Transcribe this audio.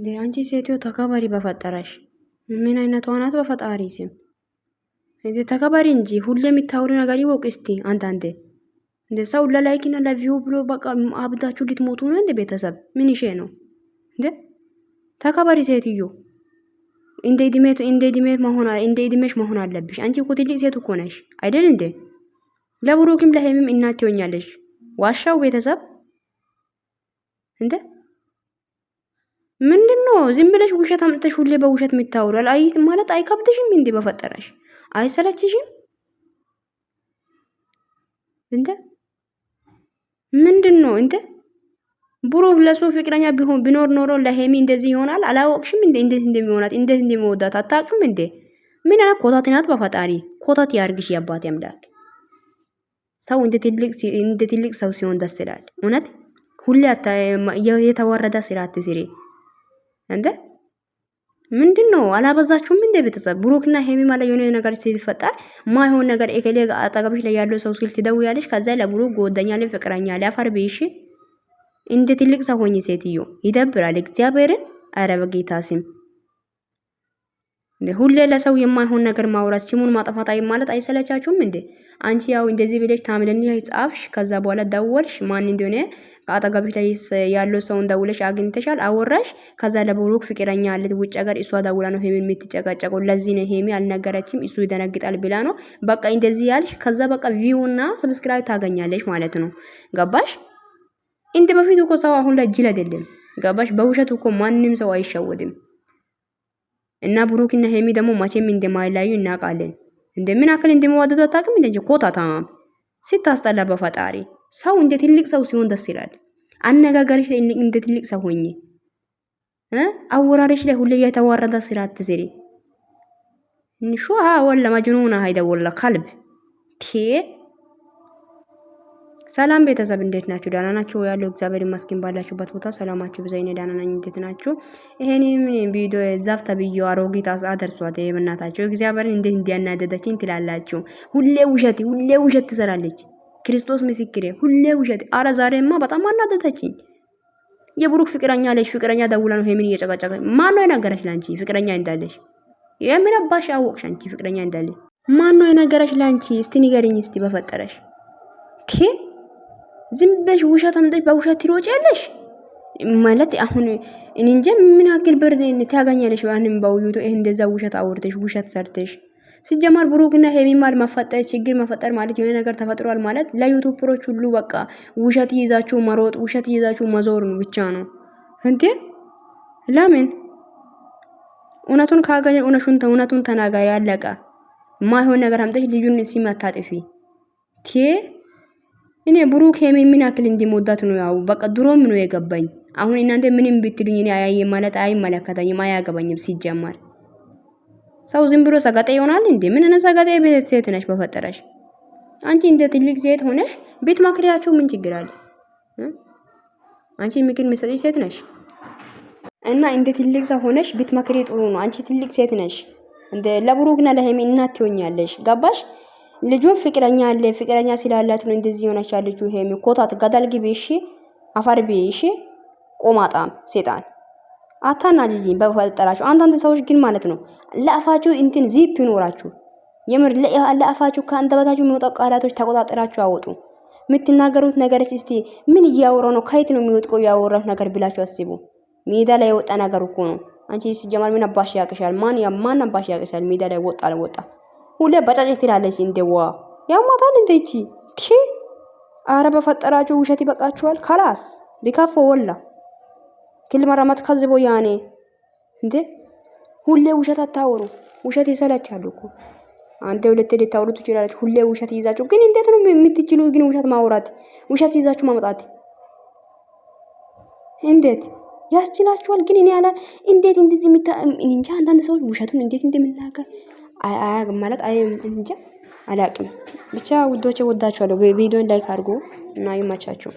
እንዴ አንቺ ሴትዮ ተከበሪ፣ በፈጠረሽ ምን አይነት ዋናት በፈጣሪ ስም እንዴ ተከበሪ እንጂ ሁሌ የሚታወሩ ነገር ይወቅ እስቲ። አንዳንዴ እንዴ ሰው ለላይክ እና ለቪው ብሎ በቃ አብዳችሁ ልትሞቱ ነው እንዴ? ቤተሰብ ምን ይሼ ነው እንዴ? ተከበሪ ሴትዮ። እንደ እድሜት እንደ እድሜት መሆን እንደ እድሜሽ መሆን አለብሽ። አንቺ እኮ ትልቅ ሴት እኮ ነሽ አይደል እንዴ? ለብሩክም ለሄምም እናት ትሆኛለሽ። ዋሻው ቤተሰብ እንዴ ምንድን ነው ዝም ብለሽ ውሸት አምጥተሽ ሁሌ በውሸት የሚታወራል? አይ ማለት አይከብድሽም? እንዴ? በፈጠረሽ አይሰለችሽም? እንደ ምንድን ነው እንደ ብሩ ለሱ ፍቅረኛ ቢሆን ቢኖር ኖሮ ለሄሚ እንደዚህ ይሆናል? አላወቅሽም እንዴ እንዴት እንደሚሆናት እንዴት እንደሚወዳት አታውቅም እንዴ? ምን አይነት ኮታት ናት! በፈጣሪ ኮታት ያርግሽ የአባት አምላክ። ሰው እንደ ትልቅ ሰው ሲሆን ደስ ይላል። እውነት ሁሌ የተወረደ ስራ አትስሪ። እንደ ምንድን ነው አላበዛችሁም? እንደ ቤተሰብ ብሩክና ሄሚ ማለት የሆነ ነገር ሲፈጠር ማይሆን ነገር ኤከሌ አጠገብሽ ላይ ያለው ሰው ስልክ ትደውያለሽ። ከዛ ለብሩክ ጎደኛ ላይ ፍቅረኛ ላይ አፈር ብይሽ። እንደ ትልቅ ሰው ሆኚ ሴትዮ፣ ይደብራል። እግዚአብሔርን አረበ ጌታ ስም እንዴ ሁሌ ለሰው የማይሆን ነገር ማውራት ሲሙን ማጠፋት አይ ማለት አይሰለቻችሁም እንዴ? አንቺ ያው እንደዚህ ብለሽ ታምለኒ ጻፍሽ፣ ከዛ በኋላ ደወልሽ። ማን እንደሆነ ከአጠገብሽ ላይ ያለው ሰው ደውለሽ አግኝተሻል፣ አወራሽ። ከዛ ለብሩክ ፍቅረኛ አለት ውጭ ሀገር እሷ ደውላ ነው ሄሚ የምትጨቃጨቁ። ለዚህ ነው ሄሚ አልነገረችም እሱ ይደነግጣል ብላ ነው በቃ እንደዚህ ያልሽ። ከዛ በቃ ቪው እና ሰብስክራይብ ታገኛለሽ ማለት ነው። ገባሽ? እንደ በፊቱ እኮ ሰው አሁን ላይ ጅል አይደለም። ገባሽ? በውሸቱ እኮ ማንም ሰው አይሸወድም። እና ብሩክ እና ሄሚ ደግሞ መቼም እንደማይለያዩ እናውቃለን። እንደምን አክል እንደሚዋደዱ አታውቅም። እንደ ኮታታም ስታስጠላ በፈጣሪ ሰው እንደ ትልቅ ሰው ሲሆን ደስ ይላል። አነጋገርሽ ላይ እንደ ትልቅ ሰው ሆኜ አወራረሽ ላይ ሁሌ የተዋረደ ስራ አትስሪ። እንሹ ወላ መጅኑና ሀይደ ወላ ከልብ ቴ ሰላም ቤተሰብ እንዴት ናችሁ? ዳና ናችሁ ያለው እግዚአብሔር ይመስገን። ባላችሁበት ቦታ ሰላማችሁ ብዛ። እኔ ዳና ነኝ። እንዴት ናችሁ? ይሄን ቪዲዮ ዛፍ ተብዬው አሮጊት አደርሷት ደርሷት የምናታችሁ እግዚአብሔርን እንዴት እንዲያናደደችኝ ትላላችሁ። ሁሌ ውሸት፣ ሁሌ ውሸት ትሰራለች። ክርስቶስ ምስክሬ፣ ሁሌ ውሸት። አረ ዛሬማ በጣም አናደደችኝ። የብሩክ ፍቅረኛ አለሽ፣ ፍቅረኛ ደውላ ነው ሄምን እየጨቀጨቀ ማን ነው የነገረሽ ላንቺ ፍቅረኛ እንዳለሽ? የምን አባሽ አወቅሽ አንቺ ፍቅረኛ እንዳለሽ? ማን ነው የነገረሽ ላንቺ? እስቲ ንገሪኝ እስቲ በፈጠረሽ ቴ ዝም ብለሽ ውሻት አምጠሽ በውሻት ትሮጫለሽ ማለት አሁን እኔ እንጃ ምን ያክል ብር ታገኛለሽ? ባንም በውዩቱ እንደዛ ውሸት አውርተሽ ውሸት ሰርተሽ ሲጀመር ብሩክና ሄሚ ማል ማፈጠር ችግር መፈጠር ማለት የሆነ ነገር ተፈጥሯል ማለት ለዩቱበሮች ሁሉ በቃ ውሸት ይዛችሁ መሮጥ ውሸት ይዛችሁ መዞር ነው ብቻ ነው እንዴ። ለምን እውነቱን ካገኘ እውነቱን እውነቱን ተናጋሪ አለቀ። ማይሆን ነገር አምጠሽ ልጁን ሲመታጥፊ ቴ እኔ ብሩክ ሄሜን ምን ያክል እንዲሞዳት ነው ያው በቃ ድሮም ነው የገባኝ። አሁን እናንተ ምንም ብትሉኝ እኔ አያየ ማለት አይመለከተኝም፣ አያገባኝም። ሲጀመር ሰው ዝም ብሎ ሰጋጤ ይሆናል እንዴ? ምን እና ሰጋጤ ቤት ሴት ነሽ በፈጠረሽ። አንቺ እንደ ትልቅ ሴት ሆነሽ ቤት ማክሪያቸው ምን ችግር አለ? አንቺ ምክር የምትሰጪ ሴት ነሽ እና እንደ ትልቅ ሰው ሆነሽ ቤት ማክሪ ጥሩ ነው። አንቺ ትልቅ ሴት ነሽ እንደ ለብሩክና ለሄሚ እናት ትሆኛለሽ። ገባሽ? ልጁ ፍቅረኛ አለ ፍቅረኛ ስላላት ነው እንደዚህ ሆነሻል። ልጁ ይሄ ኮታት ገደል ግቢ እሺ፣ አፈር ቢ እሺ። ቆማጣም ሴጣን አታናጅኝ በፈጠራችሁ። አንዳንድ ሰዎች ግን ማለት ነው ለአፋችሁ እንትን ዚፕ ይኖራችሁ የምር ለአፋችሁ ከአንደበታችሁ የሚወጣ ቃላቶች ተቆጣጠራችሁ አወጡ። የምትናገሩት ነገሮች እስቲ ምን እያወራው ነው? ከየት ነው የሚወጥቀው? ያወራው ነገር ብላችሁ አስቡ። ሜዳ ላይ የወጣ ነገር እኮ ነው። አንቺ ሲጀማል ምን አባሽ ያቅሻል? ማን ማን አባሽ ያቅሻል? ሜዳ ላይ ወጣ አልወጣ ሁሌ በጫጭ ትላለች። እንደዋ ያሟታል እንደቺ ቲ አረ በፈጠራችሁ ውሸት ይበቃችኋል። ካላስ ቢካፎ ወላ ክል መረመት ከዝቦ ያኔ እንዴ ሁሌ ውሸት አታወሩ። ውሸት ይሰለቻሉ እኮ አንተ ሁለት ልታወሩ ትችላለች። ሁሌ ውሸት ይዛችሁ ግን እንዴት ነው የምትችሉ? ግን ውሸት ማውራት ውሸት ይዛችሁ ማመጣት እንዴት ያስችላችኋል? ግን እኔ ያላ እንዴት እንደዚህ ምታ እንጃ። አንዳንድ ሰዎች ውሸቱን እንዴት እንደምናገር አያግም ማለት አይም እንጃ አላቅም። ብቻ ውዶቼ ወዳችኋለሁ። ቪዲዮን ላይክ አድርጎ እና ይመቻችሁ።